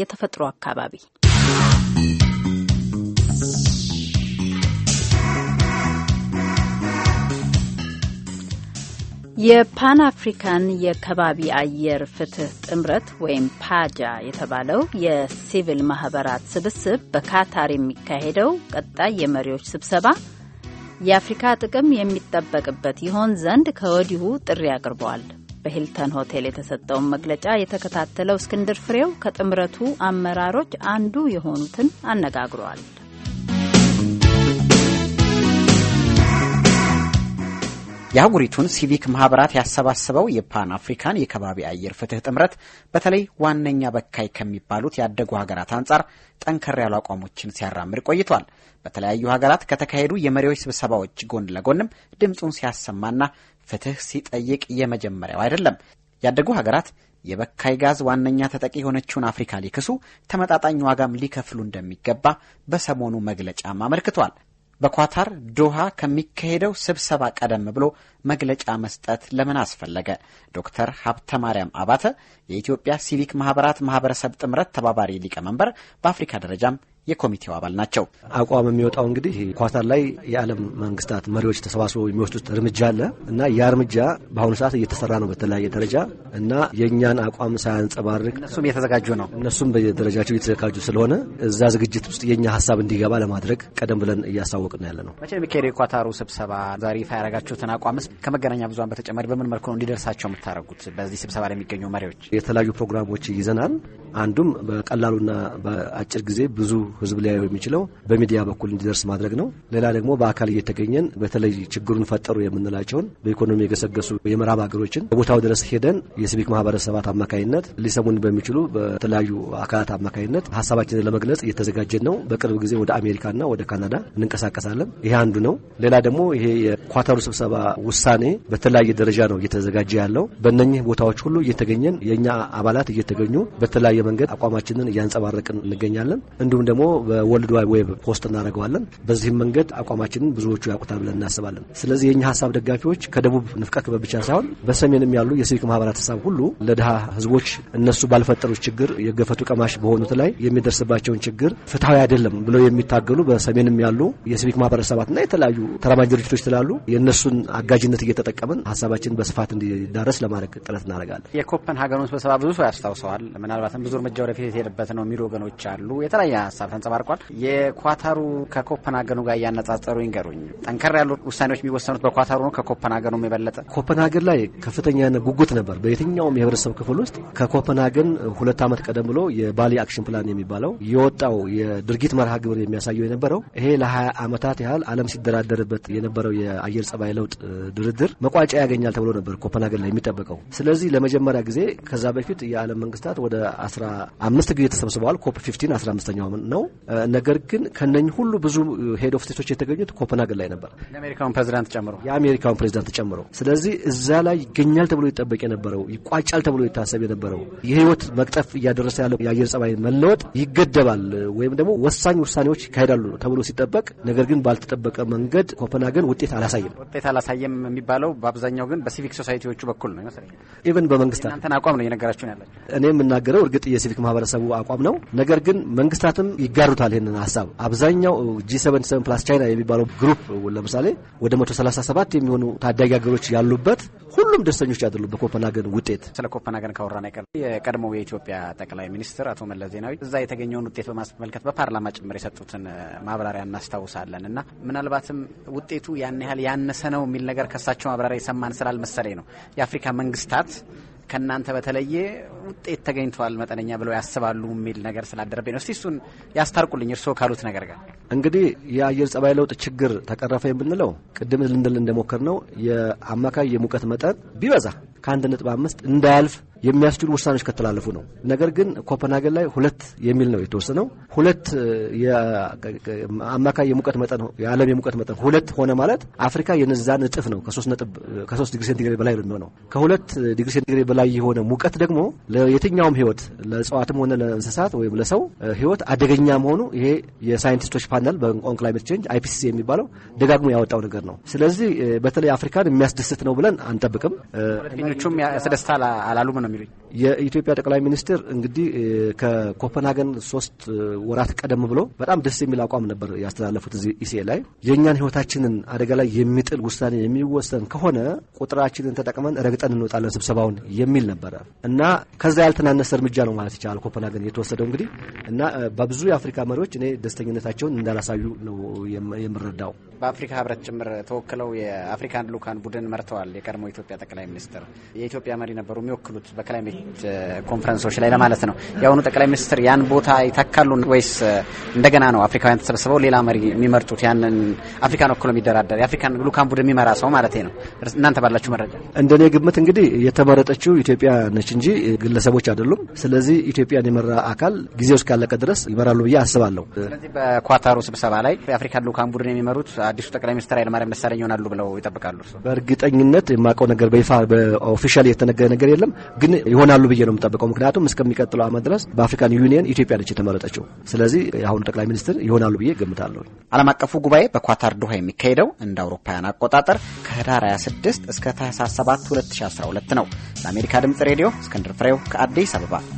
የተፈጥሮ አካባቢ የፓን አፍሪካን የከባቢ አየር ፍትህ ጥምረት ወይም ፓጃ የተባለው የሲቪል ማህበራት ስብስብ በካታር የሚካሄደው ቀጣይ የመሪዎች ስብሰባ የአፍሪካ ጥቅም የሚጠበቅበት ይሆን ዘንድ ከወዲሁ ጥሪ አቅርበዋል። በሂልተን ሆቴል የተሰጠውን መግለጫ የተከታተለው እስክንድር ፍሬው ከጥምረቱ አመራሮች አንዱ የሆኑትን አነጋግሯል። የአህጉሪቱን ሲቪክ ማህበራት ያሰባሰበው የፓን አፍሪካን የከባቢ አየር ፍትህ ጥምረት በተለይ ዋነኛ በካይ ከሚባሉት ያደጉ ሀገራት አንጻር ጠንከር ያሉ አቋሞችን ሲያራምድ ቆይቷል። በተለያዩ ሀገራት ከተካሄዱ የመሪዎች ስብሰባዎች ጎን ለጎንም ድምፁን ሲያሰማና ፍትህ ሲጠይቅ የመጀመሪያው አይደለም። ያደጉ ሀገራት የበካይ ጋዝ ዋነኛ ተጠቂ የሆነችውን አፍሪካ ሊክሱ ተመጣጣኝ ዋጋም ሊከፍሉ እንደሚገባ በሰሞኑ መግለጫም አመልክቷል። በኳታር ዶሃ ከሚካሄደው ስብሰባ ቀደም ብሎ መግለጫ መስጠት ለምን አስፈለገ? ዶክተር ሀብተ ማርያም አባተ የኢትዮጵያ ሲቪክ ማህበራት ማህበረሰብ ጥምረት ተባባሪ ሊቀመንበር፣ በአፍሪካ ደረጃም የኮሚቴው አባል ናቸው። አቋም የሚወጣው እንግዲህ ኳታር ላይ የዓለም መንግስታት መሪዎች ተሰባስበው የሚወስዱት እርምጃ አለ እና ያ እርምጃ በአሁኑ ሰዓት እየተሰራ ነው በተለያየ ደረጃ እና የእኛን አቋም ሳያንጸባርቅ እነሱም እየተዘጋጁ ነው። እነሱም በየደረጃቸው እየተዘጋጁ ስለሆነ እዛ ዝግጅት ውስጥ የእኛ ሀሳብ እንዲገባ ለማድረግ ቀደም ብለን እያሳወቅን ያለ ነው። መቼ የሚካሄደው የኳታሩ ስብሰባ? ዛሬ ይፋ ያረጋችሁትን አቋምስ ከመገናኛ ብዙኃን በተጨማሪ በምን መልኩ ነው እንዲደርሳቸው የምታደርጉት? በዚህ ስብሰባ ላይ የሚገኙ መሪዎች የተለያዩ ፕሮግራሞች ይዘናል። አንዱም በቀላሉና በአጭር ጊዜ ብዙ ህዝብ ሊያየው የሚችለው በሚዲያ በኩል እንዲደርስ ማድረግ ነው። ሌላ ደግሞ በአካል እየተገኘን በተለይ ችግሩን ፈጠሩ የምንላቸውን በኢኮኖሚ የገሰገሱ የምዕራብ ሀገሮችን በቦታው ድረስ ሄደን የሲቪክ ማህበረሰባት አማካኝነት ሊሰሙን በሚችሉ በተለያዩ አካላት አማካኝነት ሀሳባችንን ለመግለጽ እየተዘጋጀን ነው። በቅርብ ጊዜ ወደ አሜሪካና ወደ ካናዳ እንንቀሳቀሳለን። ይሄ አንዱ ነው። ሌላ ደግሞ ይሄ የኳተሩ ስብሰባ ውሳኔ በተለያየ ደረጃ ነው እየተዘጋጀ ያለው። በእነኚህ ቦታዎች ሁሉ እየተገኘን የእኛ አባላት እየተገኙ በተለያየ መንገድ አቋማችንን እያንጸባረቅን እንገኛለን። እንዲሁም ደግሞ በወልድ ዋይድ ዌብ ፖስት እናደርገዋለን። በዚህም መንገድ አቋማችንን ብዙዎቹ ያውቁታል ብለን እናስባለን። ስለዚህ የኛ ሀሳብ ደጋፊዎች ከደቡብ ንፍቀ ክበብ ብቻ ሳይሆን በሰሜንም ያሉ የሲቪክ ማህበራት ሀሳብ ሁሉ ለድሃ ህዝቦች እነሱ ባልፈጠሩት ችግር የገፈቱ ቀማሽ በሆኑት ላይ የሚደርስባቸውን ችግር ፍትሐዊ አይደለም ብለው የሚታገሉ በሰሜንም ያሉ የሲቪክ ማህበረሰባትና የተለያዩ ተራማጅ ድርጅቶች ስላሉ የእነሱን አጋዥነት እየተጠቀምን ሀሳባችን በስፋት እንዲዳረስ ለማድረግ ጥረት እናደርጋለን። የኮፐንሃገኑን ስብሰባ ብዙ ሰው ያስታውሰዋል። ምናልባትም ብዙ እርምጃ ወደፊት የተሄደበት ነው የሚሉ ወገኖች አሉ። የተለያየ ሀሳብ ተንጸባርቋል። የኳታሩ ከኮፐንሀገኑ ጋር እያነጻጸሩ ይንገሩኝ። ጠንከር ያሉ ውሳኔዎች የሚወሰኑት በኳታሩ ነው ከኮፐንሀገኑም የበለጠ? ኮፐንሀገን ላይ ከፍተኛ ጉጉት ነበር በየትኛውም የህብረተሰብ ክፍል ውስጥ። ከኮፐንሀገን ሁለት ዓመት ቀደም ብሎ የባሊ አክሽን ፕላን የሚባለው የወጣው የድርጊት መርሃ ግብር የሚያሳየው የነበረው ይሄ ለ20 ዓመታት ያህል ዓለም ሲደራደርበት የነበረው የአየር ጸባይ ለውጥ ድርድር መቋጫ ያገኛል ተብሎ ነበር ኮፐንሀገን ላይ የሚጠበቀው። ስለዚህ ለመጀመሪያ ጊዜ ከዛ በፊት የዓለም መንግስታት ወደ 15 ጊዜ ተሰብስበዋል። ኮፕ 15 ነው ነው። ነገር ግን ከነኝ ሁሉ ብዙ ሄድ ኦፍ ስቴቶች የተገኙት ኮፐንሃገን ላይ ነበር፣ የአሜሪካውን ፕሬዚዳንት ጨምሮ የአሜሪካውን ፕሬዚዳንት ጨምሮ። ስለዚህ እዛ ላይ ይገኛል ተብሎ ይጠበቅ የነበረው ይቋጫል ተብሎ ይታሰብ የነበረው የህይወት መቅጠፍ እያደረሰ ያለው የአየር ጸባይ መለወጥ ይገደባል ወይም ደግሞ ወሳኝ ውሳኔዎች ይካሄዳሉ ተብሎ ሲጠበቅ፣ ነገር ግን ባልተጠበቀ መንገድ ኮፐንሃገን ውጤት አላሳየም። ውጤት አላሳየም የሚባለው በአብዛኛው ግን በሲቪክ ሶሳይቲዎቹ በኩል ነው ይመስለኛል። ኢቨን በመንግስታት እናንተን አቋም ነው እየነገራችሁን ያለ እኔ የምናገረው እርግጥ የሲቪክ ማህበረሰቡ አቋም ነው። ነገር ግን መንግስታትም ይጋሩታል ይህንን ሀሳብ። አብዛኛው ጂ77 ፕላስ ቻይና የሚባለው ግሩፕ ለምሳሌ ወደ 137 የሚሆኑ ታዳጊ ሀገሮች ያሉበት ሁሉም ደስተኞች ያደሉ በኮፐንሃገን ውጤት። ስለ ኮፐንሃገን ካወራን አይቀር የቀድሞው የኢትዮጵያ ጠቅላይ ሚኒስትር አቶ መለስ ዜናዊ እዛ የተገኘውን ውጤት በማስመልከት በፓርላማ ጭምር የሰጡትን ማብራሪያ እናስታውሳለን እና ምናልባትም ውጤቱ ያን ያህል ያነሰ ነው የሚል ነገር ከሳቸው ማብራሪያ የሰማን ስላልመሰለኝ ነው የአፍሪካ መንግስታት ከእናንተ በተለየ ውጤት ተገኝተዋል መጠነኛ ብለው ያስባሉ የሚል ነገር ስላደረብኝ ነው። እስቲ እሱን ያስታርቁልኝ እርስዎ ካሉት ነገር ጋር። እንግዲህ የአየር ጸባይ ለውጥ ችግር ተቀረፈ የምንለው ቅድም ልንድል እንደሞከር ነው የአማካይ የሙቀት መጠን ቢበዛ ከአንድ ነጥብ አምስት እንዳያልፍ የሚያስችሉ ውሳኔዎች ከተላለፉ ነው። ነገር ግን ኮፐንሃገን ላይ ሁለት የሚል ነው የተወሰነው። ሁለት አማካይ የሙቀት መጠን የዓለም የሙቀት መጠን ሁለት ሆነ ማለት አፍሪካ የነዛን እጥፍ ነው። ከሶስት ዲግሪ ሴንቲግሬድ በላይ የሚሆነው ከሁለት ዲግሪ ሴንቲግሬድ በላይ የሆነ ሙቀት ደግሞ ለየትኛውም ህይወት ለእጽዋትም ሆነ ለእንስሳት ወይም ለሰው ህይወት አደገኛ መሆኑ ይሄ የሳይንቲስቶች ፓነል በኦን ክላይሜት ቼንጅ አይፒሲሲ የሚባለው ደጋግሞ ያወጣው ነገር ነው። ስለዚህ በተለይ አፍሪካን የሚያስደስት ነው ብለን አንጠብቅም። ጋዜጠኞቹም ያስደስታል አላሉም ነው የሚሉኝ። የኢትዮጵያ ጠቅላይ ሚኒስትር እንግዲህ ከኮፐንሃገን ሶስት ወራት ቀደም ብሎ በጣም ደስ የሚል አቋም ነበር ያስተላለፉት። እዚህ ኢሲኤ ላይ የእኛን ህይወታችንን አደጋ ላይ የሚጥል ውሳኔ የሚወሰን ከሆነ ቁጥራችንን ተጠቅመን ረግጠን እንወጣለን ስብሰባውን የሚል ነበረ እና ከዛ ያልተናነሰ እርምጃ ነው ማለት ይቻላል ኮፐንሃገን የተወሰደው እንግዲህ እና በብዙ የአፍሪካ መሪዎች እኔ ደስተኝነታቸውን እንዳላሳዩ ነው የምረዳው። በአፍሪካ ህብረት ጭምር ተወክለው የአፍሪካን ልኡካን ቡድን መርተዋል የቀድሞ ኢትዮጵያ ጠቅላይ ሚኒስትር የኢትዮጵያ መሪ ነበሩ የሚወክሉት በክላይሜት eh, ኮንፈረንሶች ላይ ለማለት ነው። የአሁኑ ጠቅላይ ሚኒስትር ያን ቦታ ይተካሉ ወይስ eh, እንደገና ነው አፍሪካውያን ተሰብስበው ሌላ መሪ የሚመርጡት? ያንን አፍሪካን ወክሎ የሚደራደር የአፍሪካን ልኡካን ቡድን የሚመራ ሰው ማለት ነው። እናንተ ባላችሁ መረጃ። እንደኔ ግምት እንግዲህ የተመረጠችው ኢትዮጵያ ነች እንጂ ግለሰቦች አይደሉም። ስለዚህ ኢትዮጵያን የመራ አካል ጊዜው እስካለቀ ድረስ ይመራሉ ብዬ አስባለሁ። ስለዚህ በኳታሩ ስብሰባ ላይ የአፍሪካን ልኡካን ቡድን የሚመሩት አዲሱ ጠቅላይ ሚኒስትር ኃይለማርያም ደሳለኝ ይሆናሉ ብለው ይጠብቃሉ? በእርግጠኝነት የማውቀው ነገር በይፋ ኦፊሻል የተነገረ ነገር የለም፣ ግን ይሆናሉ ብዬ ነው የምጠብቀው። ምክንያቱም እስከሚቀጥለው ዓመት ድረስ በአፍሪካን ዩኒየን ኢትዮጵያ ነች የተመረጠችው። ስለዚህ የአሁኑ ጠቅላይ ሚኒስትር ይሆናሉ ብዬ ገምታለሁ። ዓለም አቀፉ ጉባኤ በኳታር ዱሃ የሚካሄደው እንደ አውሮፓውያን አቆጣጠር ከህዳር 26 እስከ ታህሳስ 7 2012 ነው። ለአሜሪካ ድምፅ ሬዲዮ እስክንድር ፍሬው ከአዲስ አበባ